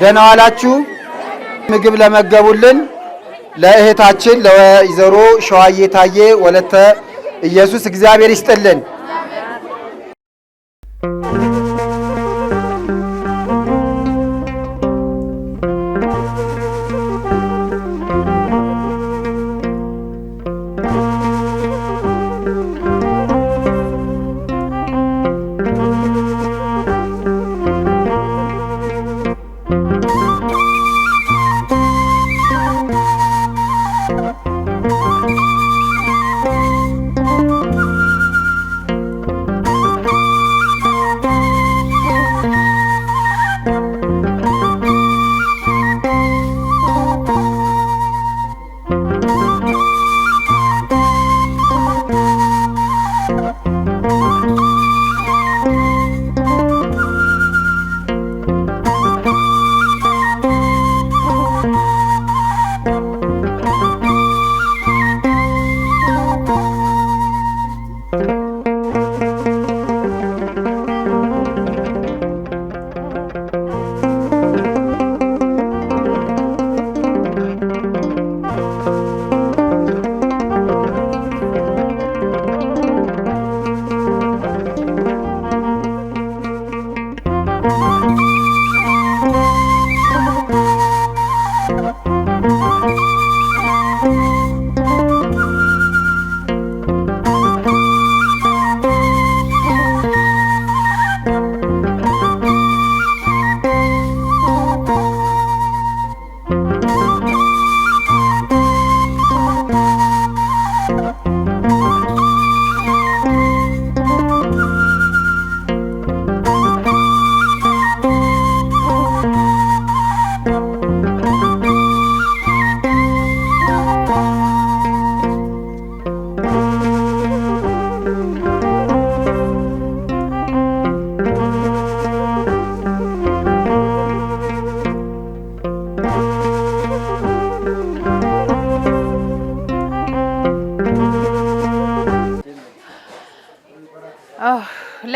ደህና ዋላችሁ። ምግብ ለመገቡልን ለእህታችን ለወይዘሮ ሸዋዬ ታዬ ወለተ ኢየሱስ እግዚአብሔር ይስጥልን።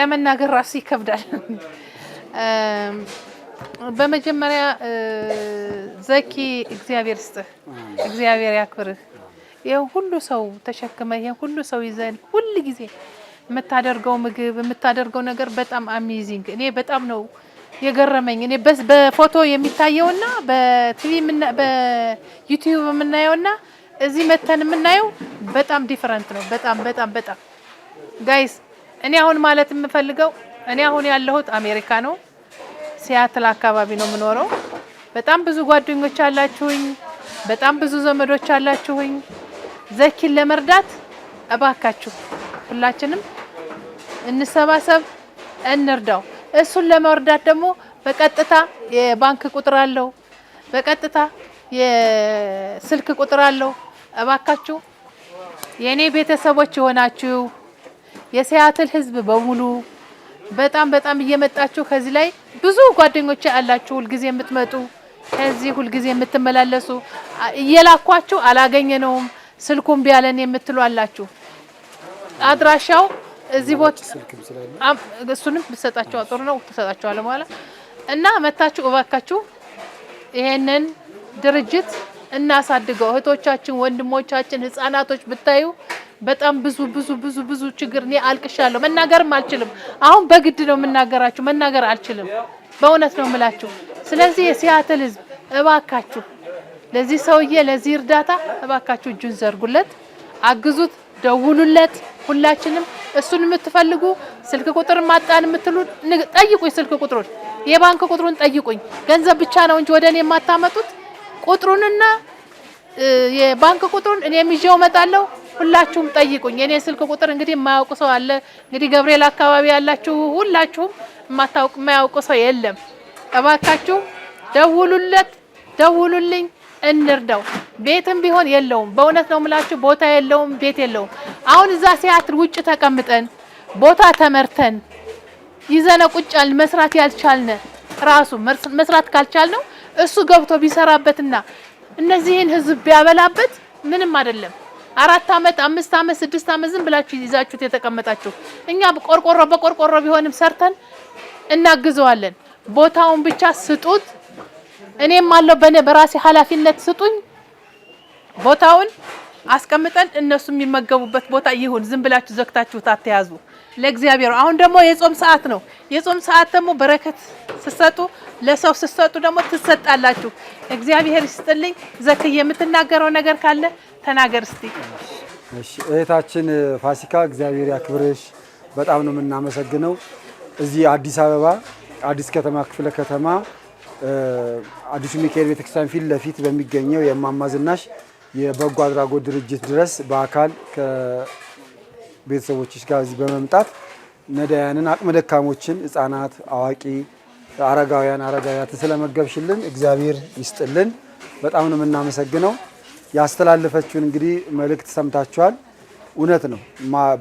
ለመናገር ራሱ ይከብዳል። በመጀመሪያ ዘኪ እግዚአብሔር ስጥህ፣ እግዚአብሔር ያክብርህ። ይህ ሁሉ ሰው ተሸክመ ይህ ሁሉ ሰው ይዘን ሁል ጊዜ የምታደርገው ምግብ የምታደርገው ነገር በጣም አሚዚንግ እኔ በጣም ነው የገረመኝ። እኔ በፎቶ የሚታየውና በቲቪ በዩቲዩብ የምናየውና እዚህ መተን የምናየው በጣም ዲፈረንት ነው። በጣም በጣም በጣም ጋይስ እኔ አሁን ማለት የምፈልገው እኔ አሁን ያለሁት አሜሪካ ነው፣ ሲያትል አካባቢ ነው የምኖረው። በጣም ብዙ ጓደኞች አላችሁኝ፣ በጣም ብዙ ዘመዶች አላችሁኝ። ዘኪን ለመርዳት እባካችሁ ሁላችንም እንሰባሰብ፣ እንርዳው። እሱን ለመርዳት ደግሞ በቀጥታ የባንክ ቁጥር አለው፣ በቀጥታ የስልክ ቁጥር አለው። እባካችሁ የእኔ ቤተሰቦች የሆናችሁ የሲያትል ህዝብ በሙሉ በጣም በጣም እየመጣችሁ ከዚህ ላይ ብዙ ጓደኞች አላችሁ፣ ሁልጊዜ የምትመጡ ከዚህ ሁልጊዜ የምትመላለሱ እየላኳችሁ አላገኘነውም ስልኩም ቢያለን የምትሉ አላችሁ። አድራሻው እዚህ ቦታ እሱንም ብትሰጣቸው ጥሩ ነው። ትሰጣቸዋለህ በኋላ እና መታችሁ እባካችሁ ይሄንን ድርጅት እናሳድገው። እህቶቻችን፣ ወንድሞቻችን፣ ህጻናቶች ብታዩ በጣም ብዙ ብዙ ብዙ ብዙ ችግር እኔ አልቅሻለሁ። መናገርም አልችልም። አሁን በግድ ነው የምናገራችሁ። መናገር አልችልም። በእውነት ነው የምላችሁ። ስለዚህ የሲያትል ህዝብ እባካችሁ ለዚህ ሰውዬ ለዚህ እርዳታ እባካችሁ እጁን ዘርጉለት፣ አግዙት፣ ደውሉለት። ሁላችንም እሱን የምትፈልጉ ስልክ ቁጥር ማጣን የምትሉ ጠይቁኝ። ስልክ ቁጥሩን የባንክ ቁጥሩን ጠይቁኝ። ገንዘብ ብቻ ነው እንጂ ወደ እኔ የማታመጡት ቁጥሩንና የባንክ ቁጥሩን እኔም ይዤው እመጣለሁ። ሁላችሁም ጠይቁኝ። የኔ ስልክ ቁጥር እንግዲህ የማያውቁ ሰው አለ እንግዲህ ገብርኤል አካባቢ ያላችሁ ሁላችሁም የማታውቁ የማያውቁ ሰው የለም። እባካችሁ ደውሉለት፣ ደውሉልኝ፣ እንርዳው። ቤትም ቢሆን የለውም። በእውነት ነው የምላችሁ፣ ቦታ የለውም፣ ቤት የለውም። አሁን እዛ ሲያትር ውጭ ተቀምጠን ቦታ ተመርተን ይዘነ ቁጫል መስራት ያልቻልነ ራሱ መስራት ካልቻልነው እሱ ገብቶ ቢሰራበትና እነዚህን ህዝብ ቢያበላበት ምንም አይደለም። አራት አመት አምስት አመት ስድስት አመት ዝም ብላችሁ ይዛችሁት የተቀመጣችሁ እኛ ቆርቆሮ በቆርቆሮ ቢሆንም ሰርተን እናግዘዋለን። ቦታውን ብቻ ስጡት። እኔም አለው በኔ በራሴ ኃላፊነት ስጡኝ ቦታውን አስቀምጠን እነሱ የሚመገቡበት ቦታ ይሁን። ዝም ብላችሁ ዘግታችሁት አትያዙ። ለእግዚአብሔር አሁን ደግሞ የጾም ሰዓት ነው። የጾም ሰዓት ደግሞ በረከት ስሰጡ ለሰው ስሰጡ ደግሞ ትሰጣላችሁ። እግዚአብሔር ይስጥልኝ። ዘክዬ የምትናገረው ነገር ካለ ተናገር እስቲ። እሺ እህታችን ፋሲካ እግዚአብሔር ያክብርሽ። በጣም ነው የምናመሰግነው። እዚህ አዲስ አበባ አዲስ ከተማ ክፍለ ከተማ አዲሱ ሚካኤል ቤተክርስቲያን ፊት ለፊት በሚገኘው የእማማ ዝናሽ የበጎ አድራጎት ድርጅት ድረስ በአካል ከቤተሰቦችሽ ጋር እዚህ በመምጣት ነዳያንን፣ አቅመ ደካሞችን፣ ህጻናት፣ አዋቂ፣ አረጋውያን አረጋውያትን ስለመገብሽልን እግዚአብሔር ይስጥልን። በጣም ነው የምናመሰግነው። ያስተላለፈችውን እንግዲህ መልእክት ሰምታችኋል። እውነት ነው።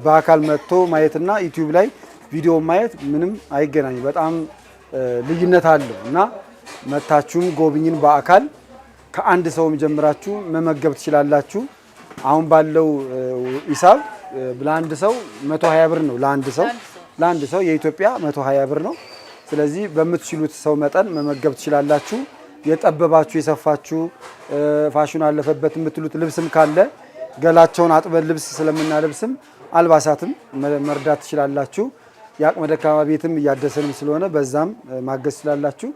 በአካል መጥቶ ማየትና ዩቲዩብ ላይ ቪዲዮ ማየት ምንም አይገናኝ። በጣም ልዩነት አለው እና መታችሁም ጎብኝን በአካል ከአንድ ሰውም ጀምራችሁ መመገብ ትችላላችሁ። አሁን ባለው ሂሳብ ለአንድ ሰው 120 ብር ነው። ለአንድ ሰው ለአንድ ሰው የኢትዮጵያ 120 ብር ነው። ስለዚህ በምትችሉት ሰው መጠን መመገብ ትችላላችሁ። የጠበባችሁ የሰፋችሁ ፋሽኑ አለፈበት የምትሉት ልብስም ካለ ገላቸውን አጥበን ልብስ ስለምናለብስም አልባሳትም መርዳት ትችላላችሁ። የአቅመ ደካማ ቤትም እያደሰንም ስለሆነ በዛም ማገዝ ትችላላችሁ።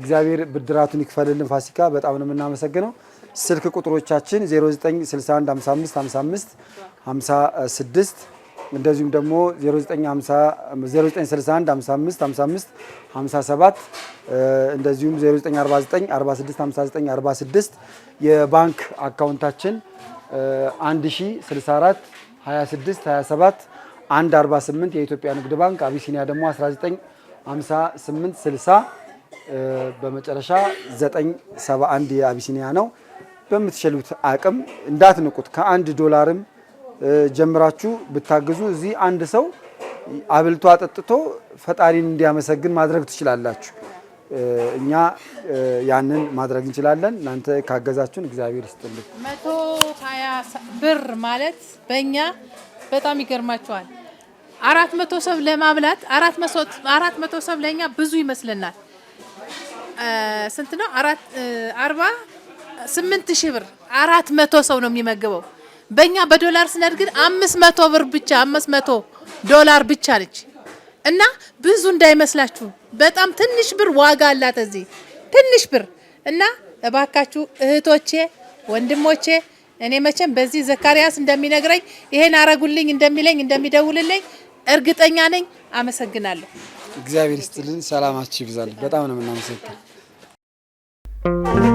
እግዚአብሔር ብድራቱን ይክፈልልን። ፋሲካ በጣም ነው የምናመሰግነው። ስልክ ቁጥሮቻችን 0961555556 እንደዚሁም ደግሞ 0951555557 እንደዚሁም 0949465946 የባንክ አካውንታችን 1064 26 27 148 የኢትዮጵያ ንግድ ባንክ አቢሲኒያ ደግሞ 1958 60 በመጨረሻ 971 የአቢሲኒያ ነው። በምትችሉት አቅም እንዳትንቁት ከአንድ ዶላርም ጀምራችሁ ብታግዙ እዚህ አንድ ሰው አብልቶ አጠጥቶ ፈጣሪን እንዲያመሰግን ማድረግ ትችላላችሁ። እኛ ያንን ማድረግ እንችላለን። እናንተ ካገዛችሁን እግዚአብሔር ይስጥልን። መቶ ሀያ ብር ማለት በእኛ በጣም ይገርማቸዋል። አራት መቶ ሰብ ለማብላት አራት መቶ ሰብ ለእኛ ብዙ ይመስለናል። ስንት ነው? አራት አርባ ስምንት ሺህ ብር አራት መቶ ሰው ነው የሚመግበው በእኛ በዶላር ስነድ አምስት መቶ ብር ብቻ አምስት መቶ ዶላር ብቻ ነች እና ብዙ እንዳይመስላችሁ በጣም ትንሽ ብር ዋጋ አላት እዚህ ትንሽ ብር እና እባካችሁ እህቶቼ ወንድሞቼ እኔ መቼም በዚህ ዘካሪያስ እንደሚነግረኝ ይሄን አረጉልኝ እንደሚለኝ እንደሚደውልልኝ እርግጠኛ ነኝ። አመሰግናለሁ። እግዚአብሔር ይስጥልን። ሰላማችሁ ይብዛል። በጣም ነው የምናመሰግን